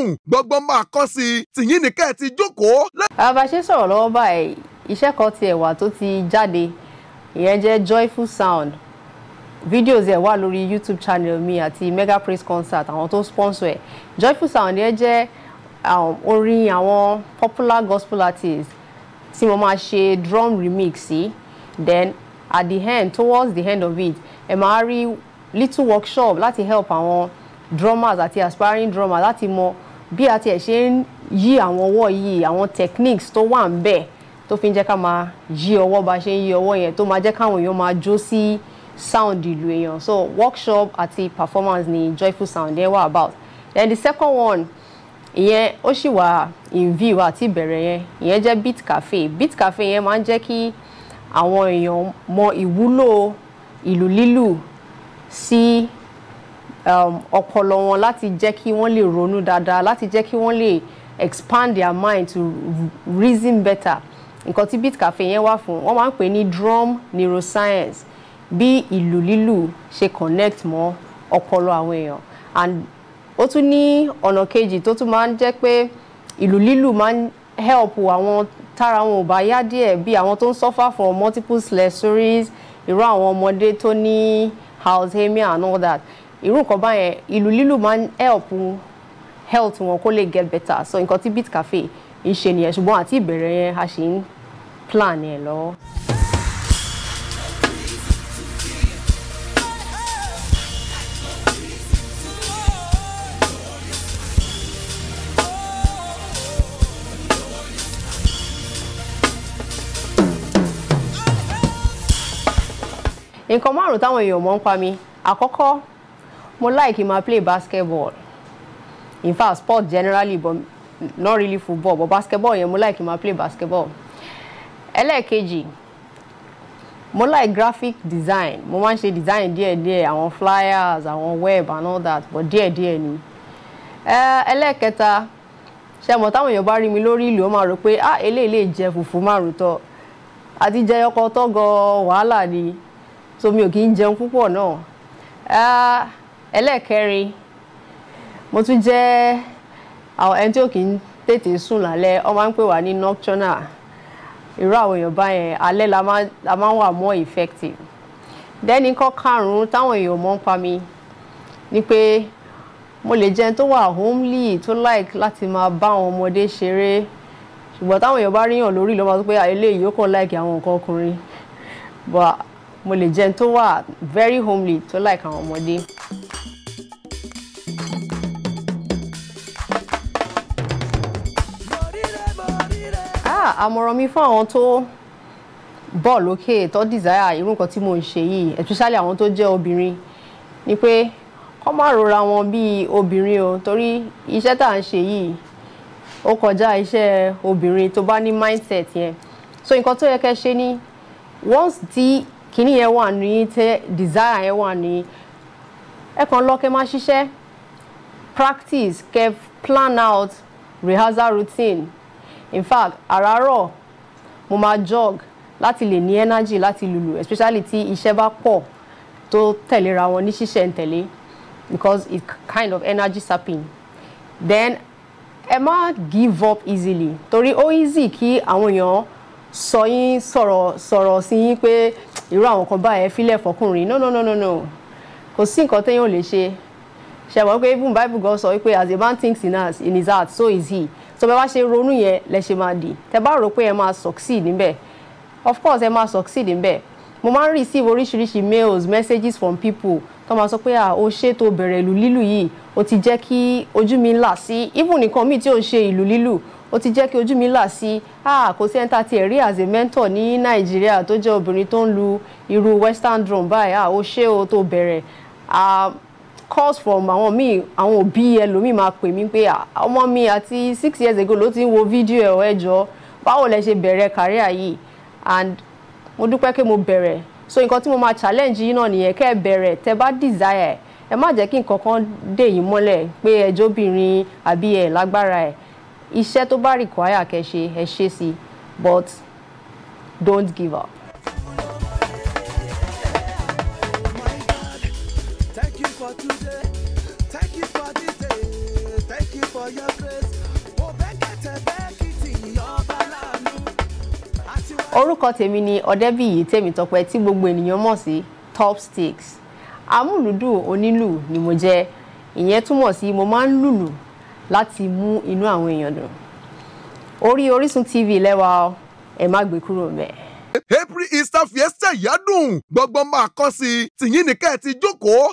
lọ́rùn gbọ́ngbọ́n máa kọ́ sí i tìyín nìkẹ́ ti jókòó. àbáṣe sọ̀rọ̀ lọ́wọ́ báyìí iṣẹ́ kan ti ẹ̀wà tó ti jáde ìyẹn jẹ́ joyful sound videos ẹ̀ wà lórí youtube channel mi àti mega praise concert àwọn tó sponsor ẹ̀ joyful sound yẹn jẹ́ um, orin àwọn popular gospel artists tí mo máa ṣe drum remix sí then at the end towards the end of it ẹ máa rí little workshop láti help àwọn drummers àti aspiring drummers láti mọ bí a tiẹ̀ ṣe ń yí àwọn ọwọ́ yìí àwọn techniques tó wà ń bẹ̀ tó fi ń jẹ́ ká máa yí ọwọ́ bá ṣe ń yí ọwọ́ yẹn tó máa jẹ́ káwọn èèyàn máa jó sí sound ìlú èèyàn so workshop àti performance ni joyful sound yẹn wà about then the second one ìyẹn ó sì wà in view àti ìbẹ̀rẹ̀ yẹn ìyẹn jẹ́ beat cafe beat cafe yẹn máa ń jẹ́ kí àwọn èèyàn mọ ìwúlò ìlú lílù sí. Si Um, ọpọlọ wọn láti jẹ́ kí wọ́n lè ronú dáadáa láti jẹ́ kí wọ́n lè expand their mind to reason better nǹkan tí Bitcafe yẹn wà fún wọ́n máa ń pè ní drum neuroscience bí ìlù lílù ṣe connect mọ́ ọpọlọ àwọn èèyàn and ó tún ní ọ̀nà kejì tó tún máa ń jẹ́ pé ìlù lílù máa ń help àwọn tára wọn ò bá yá díẹ̀ bí àwọn tó ń suffer from multiple sclerosis irú àwọn ọmọdé tó ní alzheimer and all that irú nǹkan báyẹn ìlú lílù máa ń help health wọn kó lè get better so nǹkan tí Beat Cafe ń ṣe nìyẹn ṣùgbọ́n àti ìbẹ̀rẹ̀ yẹn a ṣì ń plan yẹn lọ́wọ́. nǹkan márùn táwọn èèyàn mọ̀ ń pa mi àkọ́kọ́ mo like kí n play basketball in fact sport generally but not really football but basketball yẹn mo like kí n máa play basketball ẹlẹ́ẹ̀kejì mo like graphic design mo máa ń ṣe design díẹ̀díẹ̀ àwọn flyers àwọn web and all that but díẹ̀díẹ̀ ni ẹlẹ́ẹ̀kẹta ṣe mọ̀ táwọn èèyàn bá rí mi lórí ìlú ó máa rò pé ah eléyìí lè jẹ fùfú márùn tọ àti jẹ ọkọ tọgọ wàhálà ni so mi ò kì í jẹun púpọ̀ náà ẹlẹ́ẹ̀kẹrin mo tún jẹ́ àwọn ẹni tí ò kì í tètè sùn lálẹ́ ọ máa ń pè wá ní nocturnal irú àwọn èèyàn báyẹn alẹ́ la máa ń wà more effective dẹ́ni kọ́ karùn-ún táwọn èèyàn mọ́ ń pa mi ni pé mo lè jẹun tó wà homely tó like láti máa bá àwọn ọmọdé ṣeré ṣùgbọ́n táwọn èèyàn bá ríyàn lórí ló máa sọ pé eléyìí ó kàn like àwọn nǹkan ọkùnrin but mo lè jẹun tó wà very homely tó like àwọn ọmọdé. àmọ̀ràn mi fún àwọn tó bọ̀ lókè tó desire irú nǹkan tí mo ń ṣe yìí especially àwọn tó jẹ́ obìnrin ni pé kọ́ má rora wọn bíi obìnrin o torí iṣẹ́ tá à ń ṣe yìí ó kọjá iṣẹ́ obìnrin tó bá ní mindset yẹn so nǹkan tó yẹ kẹ́ ṣe ni once tí kinní yẹn wà ní tẹ desire yẹn wà ní ẹ kàn lọ kẹ́ máa ṣiṣẹ́ practice kẹ́ plan out rehearsal routine in fact àràárọ̀ mo máa jog láti lè ní energy láti lulu. especially tí iṣẹ́ bá pọ̀ tó tẹ̀léra wọn ní ṣíṣẹ̀ ń tẹ̀lé because it kind of energy sapping then ẹ má give up easily torí ó easy kí àwọn èèyàn sọ yín sọ̀rọ̀ sọ̀rọ̀ sí yín pé irú àwọn kan báyẹn filẹ̀ fọkùnrin no no no no no kò sí nǹkan téèyàn ò lè ṣe ṣe mọ̀ pé even bible gan sọ wípé as a man thinks in in his heart so is he tó bẹ́ẹ̀ bá ṣe ronú yẹn lẹ ṣe máa di. tẹ bá rò pé ẹ máa succeed níbẹ̀ of course ẹ máa succeed níbẹ̀ mo máa ń receive oríṣiríṣi mails messages from people tó máa sọ pé à o ṣe tó bẹ̀rẹ̀ ìlú lílù yìí o ti jẹ́ kí ojú mi là sí even nìkan míì tí ò ṣe ìlú lílù ó ti jẹ́ kí ojú mi là sí ah kò sí ẹni tá a ti rí as a mentor ní nàìjíríà tó jẹ́ obìnrin tó ń lu irú western drum báyìí ah ó ṣé o tó bẹ̀rẹ̀ ah calls from àwọn míì àwọn òbí ẹlòmíì máa pè mí pé ọmọ mi àti six years ago ló ti ń wo fídíò ẹ̀ ẹ̀jọ́ báwo lẹ ṣe bẹ̀rẹ̀ kàríà yìí and mo dúpẹ́ pé mo bẹ̀rẹ̀ so nǹkan tí mo máa challenge yín náà nìyẹn kẹ́ ẹ bẹ̀rẹ̀ tẹ bá desire ẹ má jẹ́ kí nǹkan kan dè yín mọ́lẹ̀ pé ẹjọ́ obìnrin àbí ẹ̀ lágbára ẹ̀ iṣẹ́ tó bá require kẹ́ ṣe ẹ ṣe sí but don't give up. for today. Thank you for this day. Thank you for your grace. orúkọ tèmi ni ọdẹbíyí tèmítọ́pẹ́ tí gbogbo ènìyàn mọ̀ sí Topsticks amúlùdùn onílù ni mo jẹ́ ìyẹn túmọ̀ sí mo máa ń lùlù láti mú inú àwọn èèyàn dùn orí Orísun TV lẹ́wà ẹ má gbé kúrò ńbẹ̀. April Easter Fiesta yadun gbọgbọ́n máa kọ́ sí i tìyín nìkẹ́ ti jókòó